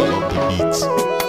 I love the beats.